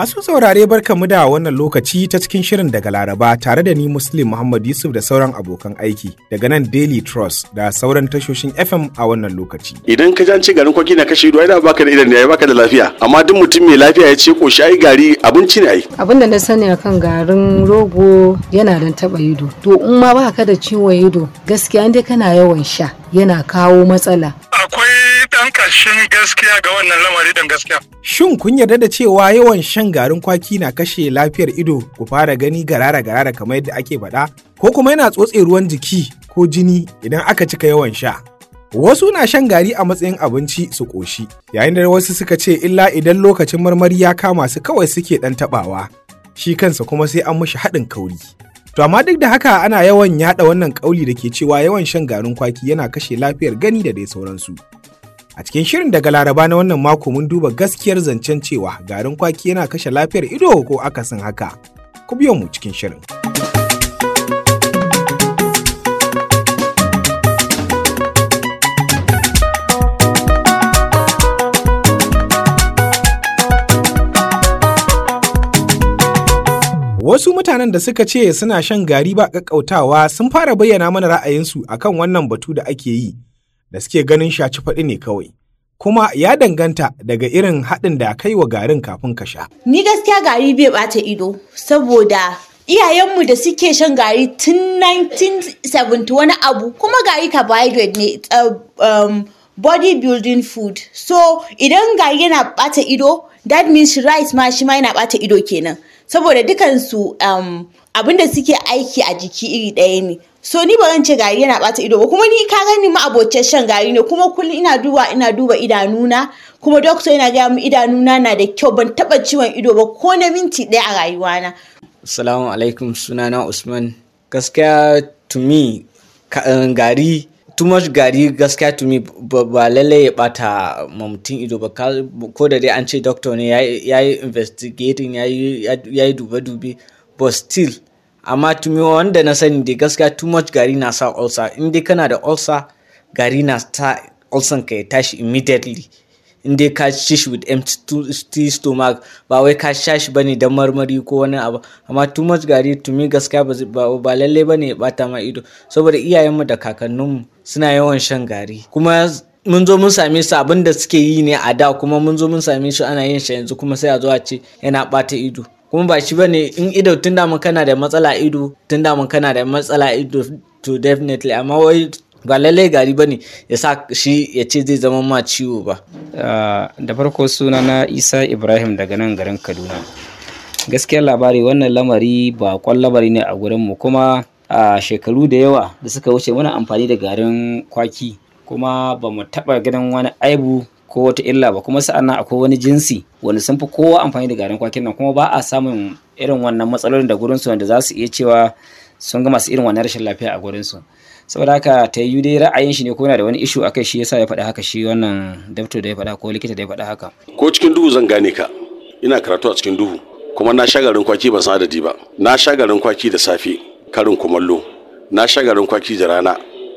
Masu saurare barkamu da wannan lokaci ta cikin shirin daga Laraba tare da ni Muslim Muhammad Yusuf da sauran abokan aiki daga nan Daily Trust da sauran tashoshin FM a wannan lokaci. Idan ka janci garin kwaki na kashe, ruwa yana baka da idan ya baka da lafiya amma duk mutum mai lafiya ya ce koshi ai gari abinci ne ai. Abin da na sani akan garin rogo yana dan taba ido. To in ma baka da ciwon ido gaskiya dai kana yawan sha yana kawo matsala. Shin gaskiya ga wannan lamari don gaskiya. Shin kun yarda da cewa yawan shan garin kwaki na kashe lafiyar ido ku fara gani garara-garara kamar yadda ake faɗa? Ko kuma yana tsotse ruwan jiki ko jini idan aka cika yawan sha? Wasu na shan gari a matsayin abinci su ƙoshi, yayin da wasu suka ce illa idan lokacin marmari ya kama su kawai suke ɗan taɓawa, shi kansa kuma sai an mushi haɗin kauri. To amma duk da haka ana yawan yaɗa wannan ƙauli da ke cewa yawan shan garin kwaki yana kashe lafiyar gani da dai sauransu. A cikin shirin daga Laraba na wannan mako mun duba gaskiyar zancen cewa garin kwaki yana kashe lafiyar ido ko akasin haka. Ku biyo mu cikin shirin. Wasu mutanen da suka ce suna shan gari ba ƙaƙƙautawa sun fara bayyana mana ra'ayinsu akan wannan batu da ake yi. da suke ganin shaci faɗi ne kawai. Kuma ya danganta daga irin haɗin da kai wa garin kafin ka sha. Ni gaskiya gari bai ɓata ido saboda iyayenmu da suke shan gari tun 1970 wani abu kuma gari carbohydrate ne uh, um, body building food so idan gari yana ɓata ido that means rice ma shi ma yana ɓata ido kenan saboda dukansu um, da suke aiki a jiki iri ɗaya ne so ni ba zan ce gari yana bata ido ba kuma ni ka gani ma abocin shan gari ne kuma kullum ina duba ina duba idanuna kuma doctor yana gaya min idanuna na da kyau ban taba ciwon ido ba ko na minti ɗaya a rayuwana assalamu alaikum sunana usman gaskiya to me eh, gari too much gari gaskiya to me ba lallai ya bata ma ido ba ko da dai an ce doctor ne ya yi investigating ya yi dube-dube but still amma tumi wanda na sani da gaskiya too much gari na sa ulcer in dai kana da ulcer gari na sa ulcer ka ya tashi immediately in dai ka ci shi with empty stomach ba wai ka sha shi bane dan marmari ko wani abu amma too much gari tumi gaskiya ba ba lalle bane ya bata ma ido saboda iyayenmu da kakanninmu suna yawan shan gari kuma mun zo mun same su abin da suke yi ne a da kuma mun zo mun same shi ana yin shi yanzu kuma sai a zo a ce yana bata ido kuma ba shi bane in ido tun da kana da matsala ido tun da kana da matsala ido to definitely amma wai ba lallai gari bane ya sa shi ya ce zai zama ma ciwo ba ah, da farko suna na isa ibrahim daga nan garin kaduna gaskiyar labari wannan lamari ba kwan labari ne a gurin mu kuma a shekaru da yawa da suka wuce muna amfani da garin kwaki kuma ba mu taɓa ganin wani aibu ko wata illa ba kuma sa'an nan akwai wani jinsi wanda sun fi kowa amfani da garin kwakin nan kuma ba a samun irin wannan matsalolin da gurinsu wanda za su iya cewa sun ga masu irin wannan rashin lafiya a gurinsu saboda haka ta yi dai ra'ayin shi ne ko yana da wani ishu akai shi yasa ya faɗa haka shi wannan dabto da ya faɗa ko likita da ya faɗa haka ko cikin duhu zan gane ka ina karatu a cikin duhu kuma na sha garin kwaki ban san adadi ba na sha garin kwaki da safe karin kumallo na sha garin kwaki da rana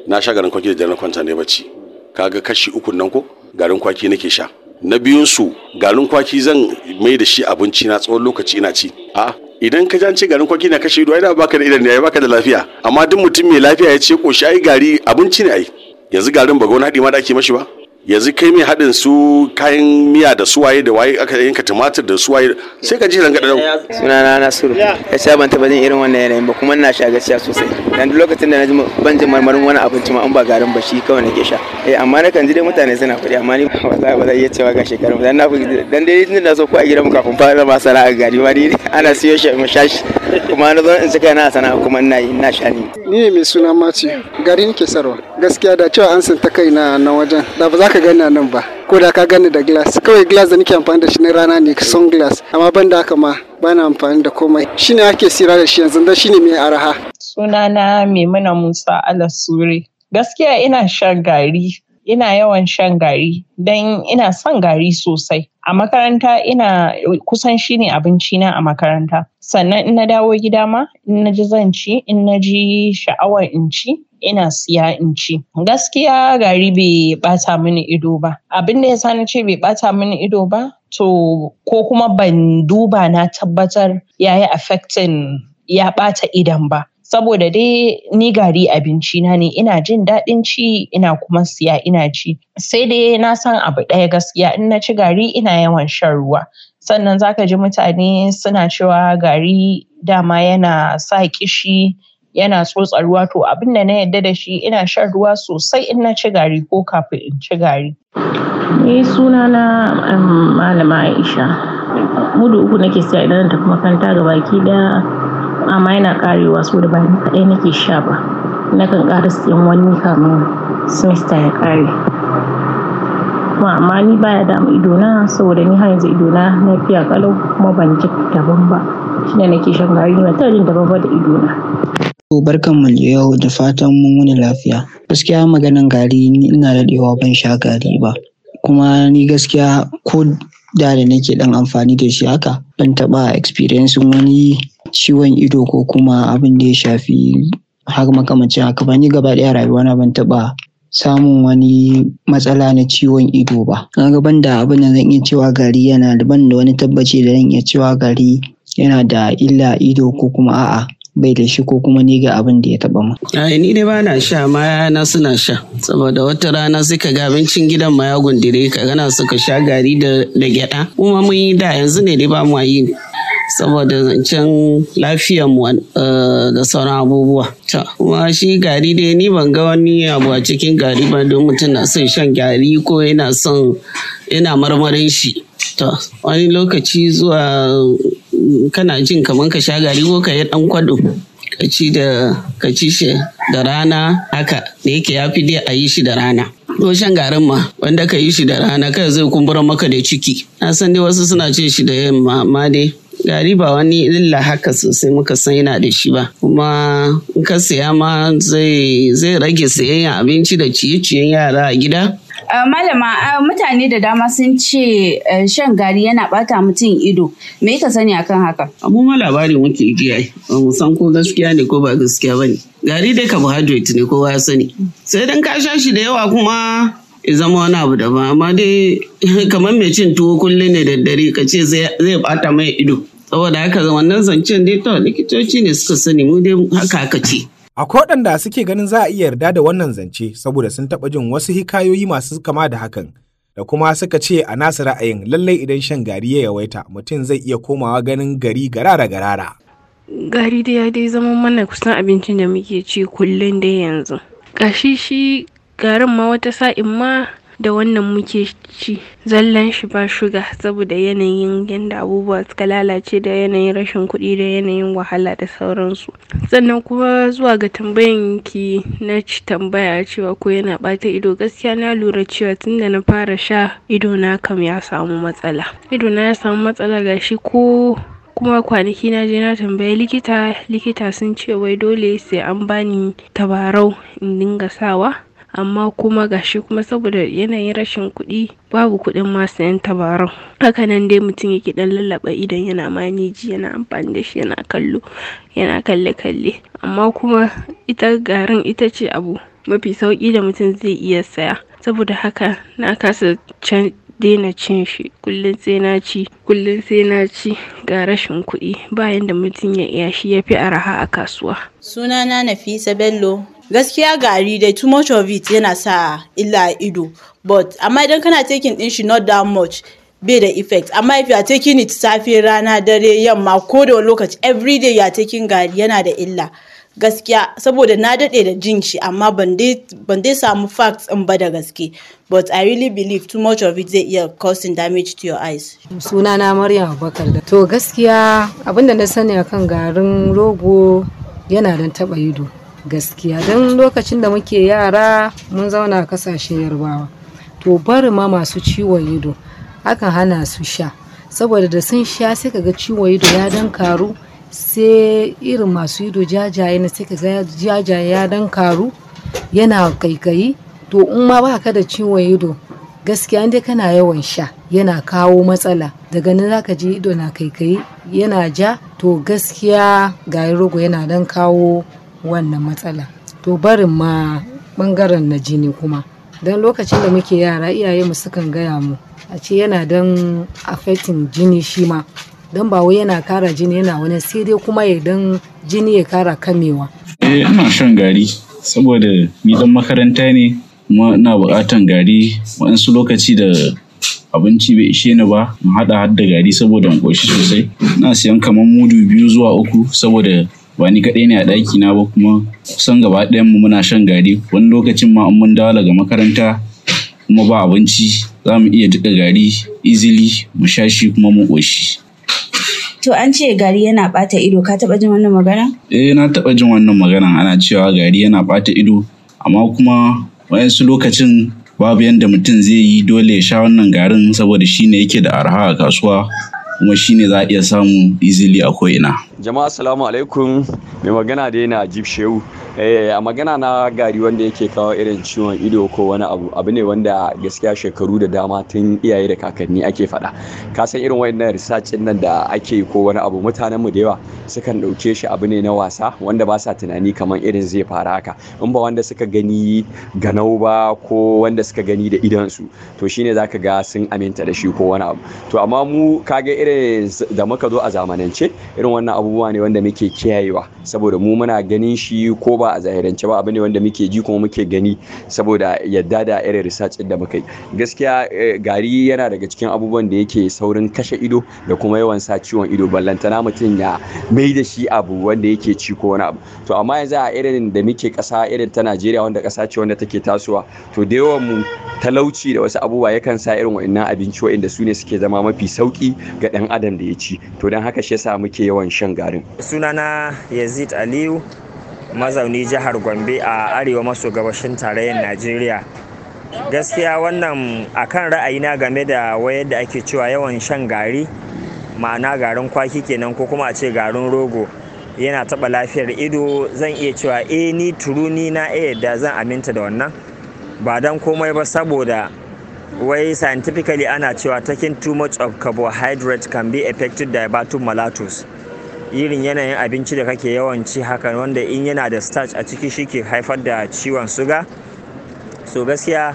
na sha garin kwaki da daren kwanta ne bacci kaga kashi uku nan ko garin kwaki nake sha na biyun su garin kwaki zan mai da shi abinci na tsawon lokaci ina ci a idan ka ci garin kwaki na kashe ido ai da baka da idan ya baka da lafiya amma duk mutum mai lafiya ya ce koshi ai gari abinci ne ai yanzu garin ba gona ma da ake mashi ba yanzu kai mai haɗin su kayan miya da suwaye da waye aka yanka tumatir da suwaye sai ka ji ran gaɗa suna na nasiru sha ban taɓa jin irin wannan yanayin ba kuma ina sha gaskiya sosai dan duk lokacin da na ji ban jin marmarin wani abinci ma an ba garin ba shi kawai nake sha eh amma na kan ji dai mutane suna kuɗi amma ni za ba za iya cewa ga shekaru dan na dan dai tun na so ko a gidan mu kafin fara ma sana'a gari ma ni ana siyo shi mu sha shi kuma na zo in ci kai na sana'a kuma ina yi ina sha ni ni ne mai suna mace garin Kesarwa gaskiya da cewa an sinta kai na nan wajen da ba za ka gani nan ba ko da ka gani da glass kawai glass da nake amfani da shi na rana ne sun glass amma ban da haka ma bana amfani da komai shine ake sira da shi yanzu da shine mai araha sunana maimuna musa alasure gaskiya ina shan gari ina yawan shan gari don ina son gari sosai. A makaranta ina kusan shi ne abincina a makaranta. Sannan in na dawo gida ma in na ji zan ci, in na ji sha'awar in ci, ina siya in ci. Gaskiya gari bai bata mini ido ba. Abin da ya sa na ce bai bata mini ido ba, to ko kuma ban duba na tabbatar yayi yi affecting ya bata idan ba. saboda dai ni gari abinci na ne ina jin daɗin ci ina kuma siya ina ci sai dai na san abu ɗaya gaskiya in na ci gari ina yawan shan ruwa sannan zaka ji mutane suna cewa gari dama yana sa ƙishi yana tsotsa ruwa to abin da na yadda da shi ina shan ruwa sosai in na ci gari ko kafin in ci gari. Ni suna na um, malama Aisha. Mudu uku nake siya idan na tafi makaranta ga baki amma yana karewa saboda da bayan kaɗai nake sha ba. Nakan ƙara siyan wani kamin semester ya kuma Amma ni baya damun idona saboda ni har yanzu idona fiya kalau kuma ban ji daban ba. Shi ne nake shan gari ne ta jin daban ba da idona. To barkan mu da yau da fatan mun wuni lafiya. Gaskiya maganan gari ni ina daɗewa ban sha gari ba. Kuma ni gaskiya ko da da nake ɗan amfani da shi haka ban taɓa experience wani ciwon ido ko kuma abin da ya shafi har makamancin haka ba ni gaba ɗaya rayuwa na ban taba samun wani matsala na ciwon ido ba ban banda abin da zan iya cewa gari yana da ban da wani tabbaci da zan iya cewa gari yana da illa ido ko kuma a'a bai da shi ko kuma ni ga abin da ya taba mu. a ni dai ba na sha ma na suna sha saboda wata rana sai ka ga abincin gidan ma ya gundire ka gana suka sha gari da gyada kuma mun yi da yanzu ne dai ba mu yi saboda zancen lafiyar mu eh, da sauran abubuwa kuma shi gari dai ni ban ga wani abu a cikin gari ba don mutum na son shan gari ko yana son yana marmarin shi to wani lokaci zuwa mm, kana jin kamar ka sha gari ko ka yi dan kwado ka ci da ka ci shi da rana haka da yake ya fi dai a yi shi da rana shan garin ma wanda ka yi shi da rana kai zai kumbura maka da ciki na san dai wasu suna cin shi da yamma amma dai gari ba wani illa haka sosai muka san yana da shi ba kuma in ka saya ma zai rage sayayyan abinci da ciye-ciyen yara a gida Uh, malama eh, mutane da dama sun ce eh, shan gari yana bata mutum ido me ka sani akan haka Amma ma labari muke ji ai ba mu san ko gaskiya ne ko ba gaskiya bane gari dai carbohydrate ne kowa ya sani sai dan ka sha shi da yawa kuma ya zama wani abu daban amma dai kamar mai cin tuwo kullum ne da dare ka ce zai bata mai ido saboda haka wannan zancen dai to likitoci ne suka sani mu dai haka haka ce akwai waɗanda suke ganin za a iya yarda da wannan zance saboda sun taɓa jin wasu hikayoyi masu kama da hakan da kuma suka ce a nasu ra'ayin lallai idan shan gari ya yawaita mutum zai iya komawa ganin gari garara garara gari da ya dai zama mana kusan abincin da muke ci kullum dai yanzu Kashi shi garin ma wata sa'in ma da wannan muke ci zallan shi ba shuga saboda yanayin yadda abubuwa suka lalace da yanayin rashin kuɗi da yanayin wahala da sauransu sannan kuma zuwa ga tambayan ki na ci tambaya cewa ko yana ɓata ido gaskiya na lura cewa tun da na fara sha ido na kam ya samu matsala ido na ya samu matsala gashi ko kuma kwanaki na je na tambayi likita likita sun ce wai dole sai an bani tabarau in dinga sawa amma kuma gashi kuma saboda yanayin rashin kuɗi babu kuɗin ma sayan tabarau haka nan dai mutum yake dan lallaba idan yana maniji yana amfani da shi yana kallo yana kalle kalle amma kuma ita garin ita ce abu mafi sauki da mutum zai iya saya saboda haka na kasa can daina cin shi kullum sai na ci kullum sai na ci ga rashin kuɗi bayan da mutum ya iya shi ya fi araha a kasuwa sunana nafisa bello gaskiya gari dai too much of it yana sa illa ido but amma idan kana taking din shi not that much bai da effect amma if you are taking it safe rana dare yamma ko da lokaci every day ya are taking gari yana da illa gaskiya saboda na daɗe da jin shi amma ban dai samu facts in ba da gaske but i really believe too much of it zai iya causing damage to your eyes Suna sunana maryam abubakar to gaskiya abinda na sani akan garin rogo yana don taɓa ido gaskiya don lokacin da muke yara mun zauna a kasashen yarbawa to bari ma masu ciwon ido akan hana su sha saboda da sun sha sai ka ga ciwon ido ya dan karu sai irin masu ido jajaye na sai ka ga jajaye ya dan karu yana kaikayi to in ma ba ka da ciwon ido gaskiya dai kana yawan sha yana kawo matsala daga nan zaka ji ido na kaikayi yana ja to gaskiya ga rogo yana dan kawo wannan matsala to barin ma bangaren na jini kuma don lokacin da muke yara iyaye mu sukan gaya mu a ce yana don affecting jini shi ma don ba wai yana kara jini yana wani sai dai kuma ya don jini ya kara kamewa eh ina shan gari saboda ni dan makaranta ne kuma ina buƙatan gari waɗansu lokaci da abinci bai ishe ni ba in haɗa hadda gari saboda in ƙoshi sosai ina siyan kamar mudu biyu zuwa uku saboda ba kaɗai ne a ɗaki na ba kuma kusan gaba ɗayan mu muna shan gari wani lokacin ma mun dawo daga makaranta kuma ba abinci za mu iya jiƙa gari izili mu sha shi kuma mu ƙoshi. To an ce gari yana ɓata ido ka taɓa jin wannan magana? Eh na taɓa jin wannan magana ana cewa gari yana ɓata ido amma kuma wayansu lokacin babu yadda mutum zai yi dole ya sha wannan garin saboda shi ne yake da arha a kasuwa kuma shine za a iya samu easily a ko'ina. Jama'a assalamu alaikum mai magana da yana Ajib Shehu Eh, a magana na gari wanda yake kawo irin ciwon ido ko wani abu abu ne wanda gaskiya shekaru da dama tun iyaye da kakanni ake faɗa ka san irin wayannan research nan da ake ko wani abu mutanen mu da yawa sukan ɗauke shi abu ne na wasa wanda ba sa tunani kamar irin zai fara haka in ba wanda suka gani ganau ba ko wanda suka gani da su. to shine zaka ga sun aminta da shi ko wani abu to amma mu kaga irin da muka zo a zamanance irin wannan abubuwa ne wanda muke kiyayewa saboda mu muna ganin shi ko ba a zahirance ba abu ne wanda muke ji kuma muke gani saboda yadda da irin research da muka gaskiya eh, gari yana daga cikin abubuwan da yake saurin kashe ido da kuma yawan sa ciwon ido ballantana mutum ya mai da shi abu wanda yake ci ko wani abu to amma yanzu a irin da muke kasa irin ta Najeriya wanda kasa ce wanda take tasowa to da yawan mu talauci da wasu abubuwa yakan sa irin wa'annan abinci wa'anda su ne suke zama mafi sauki ga dan adam da ya ci to don haka shi yasa muke yawan shan garin sunana Yazid Aliyu mazauni jihar gombe a arewa maso gabashin tarayyar najeriya gaskiya wannan akan na game da wayar da ake cewa yawan shan gari ma'ana garin kwaki kenan ko kuma a ce garin rogo yana taɓa lafiyar ido zan iya cewa e ni turuni na iya da zan aminta da wannan ba don komai ba saboda wai scientifically ana cewa taking too much of carbohydrate can be affected by malatus irin yanayin abinci da kake yawan ci haka wanda in yana da starch a ciki shi ke haifar da ciwon suga so gaskiya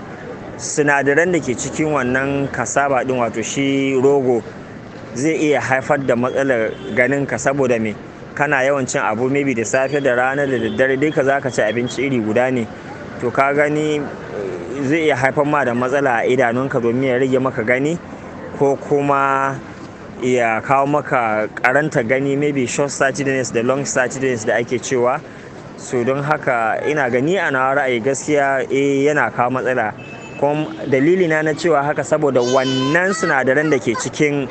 sinadaran da ke cikin wannan kasaba din wato shi rogo zai iya haifar da matsalar ganin ka saboda me kana yawan cin abu maybe da safe da rana da daddare dai ka zaka ci abinci iri guda ne to ka gani zai iya haifar ma da matsala a idanunka domin ya rage maka gani ko kuma ya kawo maka karanta gani maybe short sightedness da long sightedness da ake cewa so don haka ina gani a na ra'ayi gaskiya e yana kawo matsala kuma dalili na na cewa haka saboda wannan sinadaran da ke cikin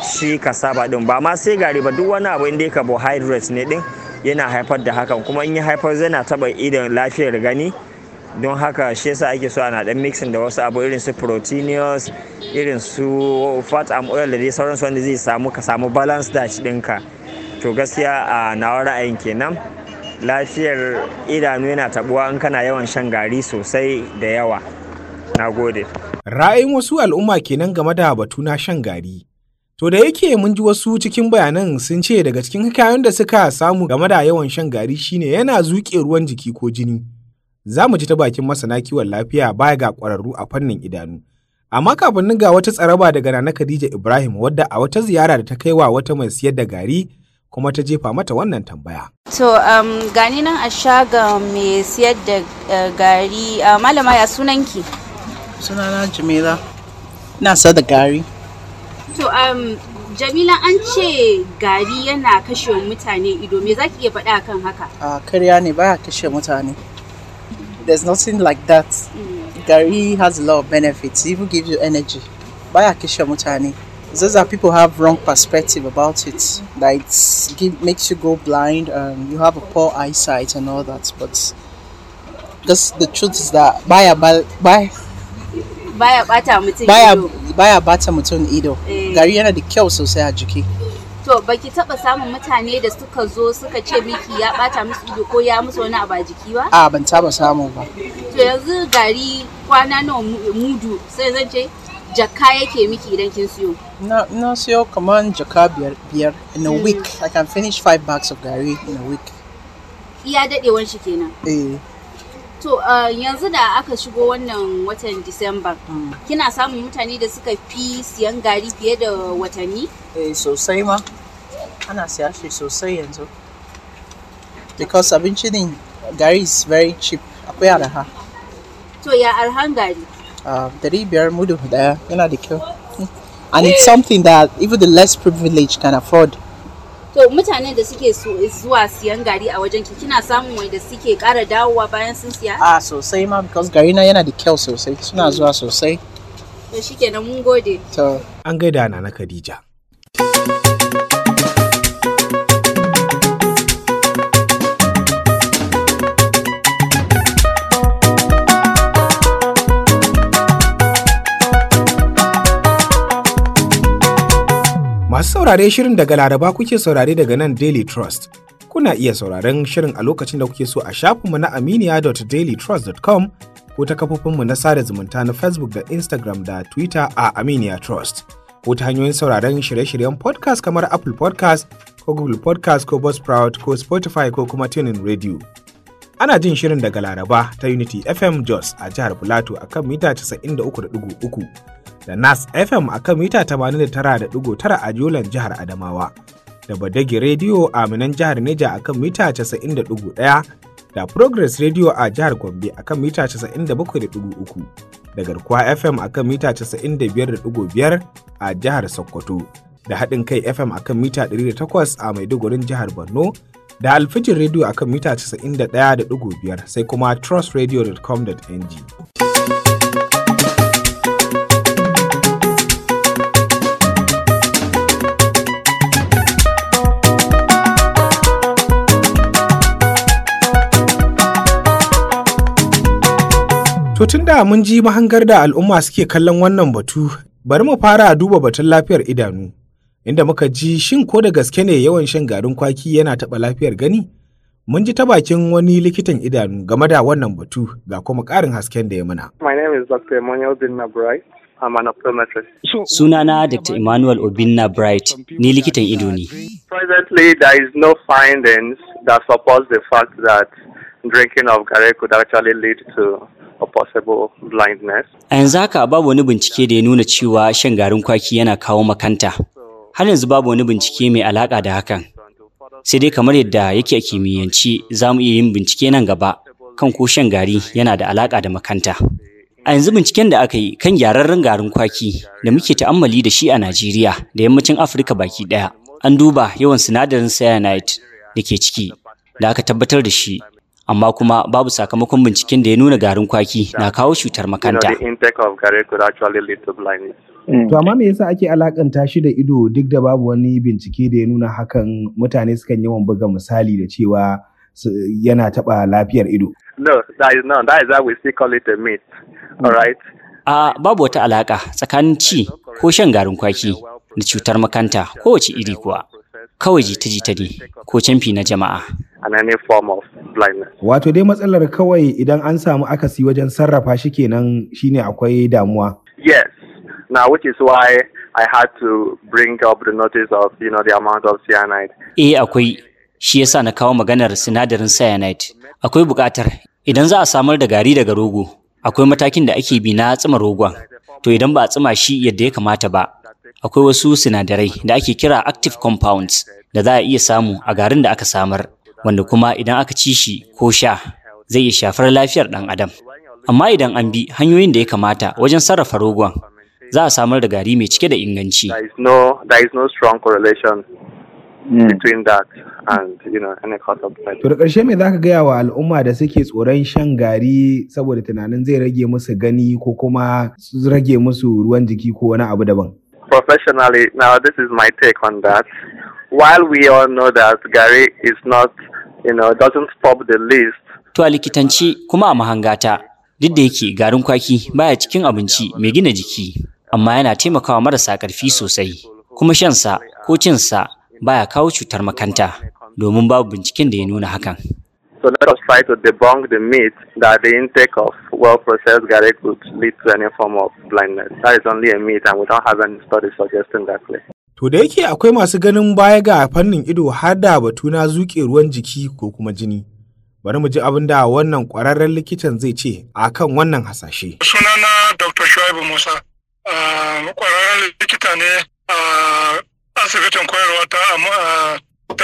shi kasaba din ba ma sai gari ba duk wani abu inda carbohydrates ne din yana haifar da hakan kuma in ya haifar zai na taba idan lafiyar gani don haka shi yasa ake so ana dan mixin da wasu abu irin su proteinous irin su fat and oil da dai sauransu wanda zai samu ka samu balance da shi ɗinka to gaskiya a nawa ra'ayin kenan lafiyar idanu yana tabuwa in kana yawan shan gari sosai da yawa na ra'ayin wasu al'umma kenan game da batu na shan gari To da yake mun ji wasu cikin bayanan sun ce daga cikin kayan da suka samu game da yawan shan gari shine yana zuke ruwan jiki ko jini. za mu ji ta bakin masana kiwon lafiya baya ga ƙwararru a fannin idanu. Amma kafin ga wata tsaraba daga Nana Khadija Ibrahim wadda a wata ziyara da ta kai wa wata mai siyar da gari kuma ta jefa mata wannan tambaya. To um, gani nan a shaga mai siyar da uh, gari uh, malama ya sunanki? Sunana Jamila. Ina sa da gari. To um, Jamila an ce gari yana kashe mutane ido me zaki iya faɗa kan haka? A uh, karya ne baya kashe mutane. there's nothing like that. Mm. Gary has a lot of benefits. It even gives you energy. By Akisha Mutani. It's just that people have wrong perspective about it. Mm. That it makes you go blind and um, you have a poor eyesight and all that. But just the truth is that by by Buy buy a bata mutum ido. By a bata mutum ido. Gary, yana da kyau sosai a jiki. to baki taba samun mutane da suka zo suka ce miki ya bata musu ido ko ya musu wani abu a jiki ba a ban taba samu ba to yanzu gari kwana nawa mudu sai zan ce jaka yake miki idan kin siyo na na siyo kaman jaka biyar biyar in a hmm. week i can finish five bags of gari in a week iya dadewan shi kenan eh to uh, yanzu da aka shigo wannan watan disamba hmm. kina samun mutane da suka fi siyan gari fiye da watanni eh sosai ma ana siya shi sosai yanzu because abinci din gari is very cheap akwai araha to ya arhan gari ah, dari biyar mudu daya yana da kyau and it's something that even the less privileged can afford to mutanen da suke zuwa siyan gari a wajen ki kina samun wanda suke kara dawowa bayan sun siya a ah, sosai ma because gari na yana da kyau sosai suna zuwa sosai to shikenan mun gode to an gaida na na Khadija Masu saurare shirin daga Laraba kuke saurare daga nan Daily Trust. Kuna iya sauraren shirin a lokacin da kuke so a shafinmu na aminiya.dailytrust.com ko ta kafofinmu na sada zumunta na Facebook da Instagram da Twitter a Aminiya Trust. Ko ta hanyoyin sauraren shirye-shiryen podcast kamar Apple podcast ko Google podcast ko Buzzsprout ko Spotify ko kuma Tunin Radio. Ana jin shirin daga Laraba ta Unity FM Jos a jihar Plateau a kan mita 93.3. da Nas FM a kan mita 89.9 a Jolan jihar Adamawa, da Badagi Radio a Minan jihar Neja a kan mita 90.1 da Progress Radio a jihar Gombe a kan mita 97.3 da Garkuwa FM a kan mita 95.5 a jihar Sokoto, da Haɗin Kai FM a kan mita 108 a Maidugurin jihar Borno da alfijin Radio akan mita 91.5 sai kuma trustradio.com.ng. To tun da mun ji mahangar da al'umma suke kallon wannan batu, bari mu fara a duba batun lafiyar idanu, inda muka ji shin ko da gaske ne yawan shan garin kwaki yana taɓa lafiyar gani? Mun ji ta bakin wani likitan idanu game da wannan batu ga kuma ƙarin hasken da ya muna. My name is Dr. Emmanuel Dinna Bright. Sunana Dr. Emmanuel Obinna Bright, ni likitan ido ne. Presently, there is no findings that the fact that drinking of garri could actually lead to a possible blindness. A yanzu haka babu wani bincike da ya nuna cewa shan garin kwaki yana kawo makanta. Har yanzu babu wani bincike mai alaƙa da hakan. Sai dai kamar yadda yake a kimiyyance za mu iya yin bincike nan gaba kan ko shan gari yana da alaƙa da makanta. A yanzu binciken da aka yi kan gyararren garin kwaki da muke ta'ammali da shi a Najeriya da yammacin Afirka baki ɗaya, an duba yawan sinadarin cyanide da ke ciki da aka tabbatar da shi amma kuma babu sakamakon binciken da ya nuna garin kwaki na kawo cutar makanta. Mm. To amma me yasa ake alakanta shi da ido duk da babu wani bincike da ya nuna hakan mutane sukan yawan buga misali da cewa yana taɓa lafiyar ido. No, that is not. That is how we still call it a myth. Mm. All right. A babu wata alaka tsakanin ci ko shan garin kwaki da cutar makanta kowace iri kuwa. Kawai jita-jita ne ko camfi na jama'a. and any form of blindness. Wato dai matsalar kawai idan an samu akasi wajen sarrafa shi kenan shine akwai damuwa. Yes, now which is why I had to bring up the notice of you know the amount of cyanide. Eh akwai shi yasa na kawo maganar sinadarin cyanide. Akwai buƙatar idan za a samar da gari daga rogo akwai matakin da ake bi na tsima rogon. To idan ba a tsima shi yadda ya kamata ba akwai wasu sinadarai da ake kira active compounds da za a iya samu a garin da aka samar. wanda kuma idan aka ci shi ko sha zai iya shafar lafiyar ɗan adam. Amma idan an bi hanyoyin da ya kamata wajen sarrafa rogon, za a samar da gari mai cike da inganci. Hmm. To da ƙarshe mai za ka gaya wa al'umma da suke tsoron shan gari saboda tunanin zai rage musu gani ko kuma rage musu ruwan jiki ko wani abu daban? Professionally, now this is my take on that. While we all know that gari is not you To likitanci kuma a mahangata, duk da yake garin kwaki baya cikin abinci mai gina jiki, amma yana taimakawa marasa ƙarfi sosai, kuma shansa ko cinsa baya kawo cutar makanta, domin babu binciken da ya nuna hakan. So let us try to debunk the myth that the intake of well-processed garlic would lead to any form of blindness. That is only a myth and we don't have any studies suggesting that. Way. To da yake akwai masu ganin baya ga fannin ido har da batu na zuƙe ruwan jiki ko kuma jini. Bari mu ji abin da wannan ƙwararren likitan zai ce a kan wannan hasashe. Sunana Dr. Shuaibu Musa, ƙwararren likita ne a asibitin koyarwa ta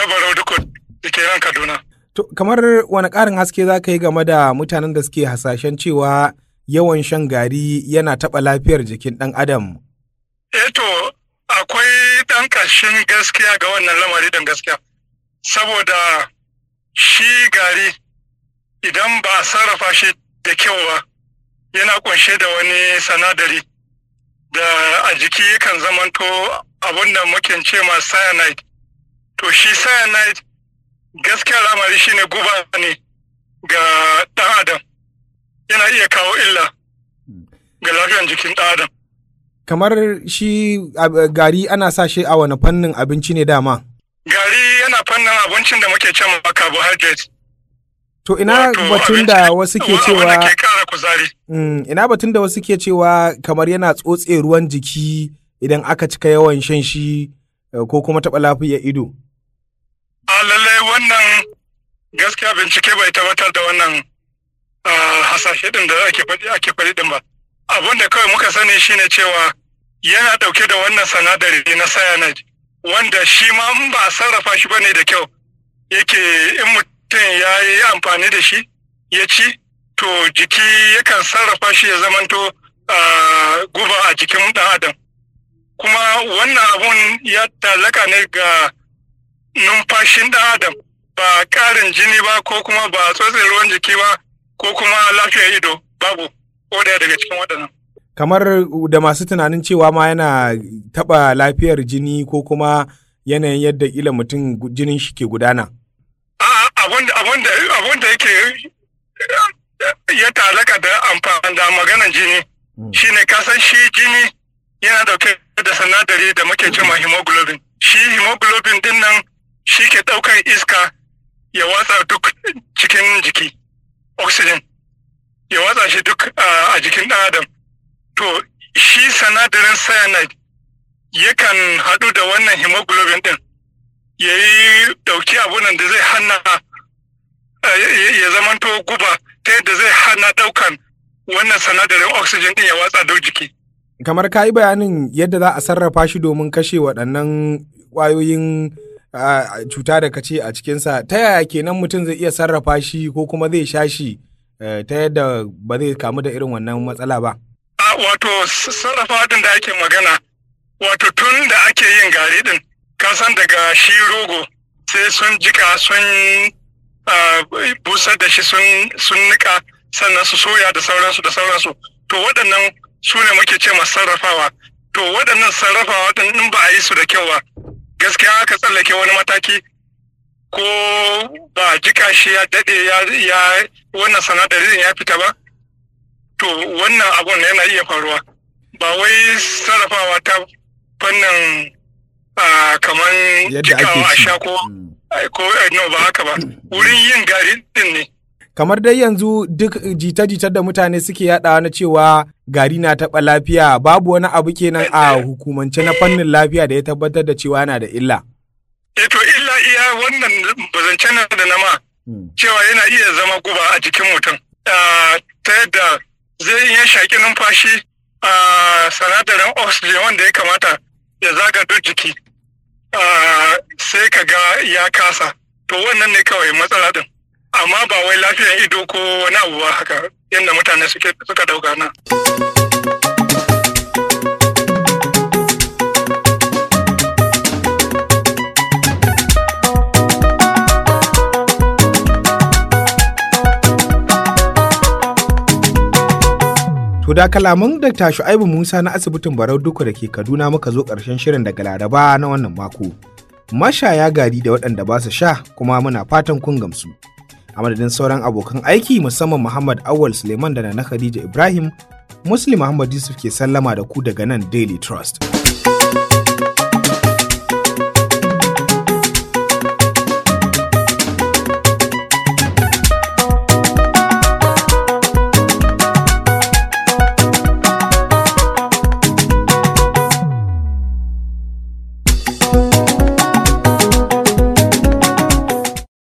Barau Dukut da ke nan Kaduna. To, kamar wani ƙarin haske za ka yi game da mutanen da suke hasashen cewa yawan shan gari yana taɓa lafiyar jikin ɗan adam? Eto, eh akwai ɗan ƙashin gaskiya ga wannan lamari don gaskiya saboda shi gari idan ba a sarrafa shi da kyau ba yana kunshe da wani sanadari da a jiki yakan zamanto abin da muke ce ma cyanide to shi cyanide gaskiya lamari shi ne guba ne ga ɗan adam yana iya kawo illa hmm. ga lafiyar jikin ɗan adam kamar shi gari ana sa shi a wani fannin abinci ne dama? Gari yana fannin abincin da muke cewa carbohydrate. To ina batun da wasu ke cewa mm, ina batun da wasu ke cewa kamar yana tsotse ruwan jiki idan aka cika yawan shan shi eh, ko kuma taɓa lafiya ido. A lallai wannan gaskiya bincike bai tabbatar da wannan ah, hasashe din da ake faɗi din ba. abin da kawai muka sani shine cewa yana ɗauke da wannan sanadari na cyanide wanda shi ma in ba a sarrafa shi bane da kyau yake in mutum ya yi amfani da shi ya ci to jiki yakan sarrafa shi ya zamanto guba a jikin ɗan adam kuma wannan abun ya talaka ne ga numfashin ɗan adam ba ƙarin jini ba ko kuma ba tsotsin ruwan jiki ba ko kuma lafiyar ido babu ko daya daga cikin waɗannan kamar da masu tunanin cewa ma yana taba lafiyar jini ko kuma yanayin yadda ila mutum jinin shi ke gudana? Abin yake ya talaka da amfani da maganan jini hmm. shine kasan shi jini yana dauke da sanadari da muke cewa hemoglobin. Shi hemoglobin din nan shi ke daukan iska ya watsa duk cikin jiki, oxygen, ya watsa shi duk a jikin ɗan adam. to shi sanadarin cyanide yakan haɗu da wannan hemoglobin ɗin ya yi ɗauki abunan da zai hana eh, ya zamanto guba ta yadda zai hana ɗaukan wannan sanadarin oxygen ɗin ya watsa dau jiki. Kamar ka yi bayanin yadda za a sarrafa shi domin kashe waɗannan ƙwayoyin cuta da kace a cikinsa ta yaya kenan mutum zai iya sarrafa shi ko kuma zai sha shi eh, ta yadda ba zai kamu da irin wannan matsala ba. wato sarrafa din da ake magana wato tun da ake yin gari din kasan daga shi rogo sai sun jika sun busar da shi sun nika sannan su soya da sauransu da sauransu to waɗannan su ne muke ce sarrafawa to waɗannan sarrafawa din in ba a yi su da kyau ba gaskiya aka tsallake wani mataki ko ba jika shi ya daɗe ya wannan sanadarin ya fita ba to wannan abun yana iya faruwa ba wai sarrafawa ta fannin kamar cikawa a sha ko mm. eh, no ba haka ba mm. wurin yin gari din ne kamar dai yanzu duk jita-jitar da mutane suke yadawa na cewa gari na taɓa lafiya babu wani abu kenan a eh, eh. hukumance na fannin lafiya da ya tabbatar da cewa yana da illa. to illa iya wannan bazance na da nama mm. cewa yana iya zama guba a jikin mutum ah, ta yadda zai iya shaki numfashi a sanadarin oxygen wanda ya kamata ya zaga duk jiki sai ka ga ya kasa to wannan ne kawai matsala din amma ba wai lafiyan ido ko wani abu ba haka yadda mutane suka dauka na. da kalaman ta Shu'aibu Musa na asibitin Barau Duka da ke Kaduna muka zo ƙarshen shirin daga Laraba na wannan mako. Mashaya gari da waɗanda ba su sha kuma muna fatan kun gamsu. A madadin sauran abokan aiki musamman Muhammad Awal Suleiman da na Khadija Ibrahim, Muslim Muhammad Yusuf ke sallama da ku daga nan Daily Trust.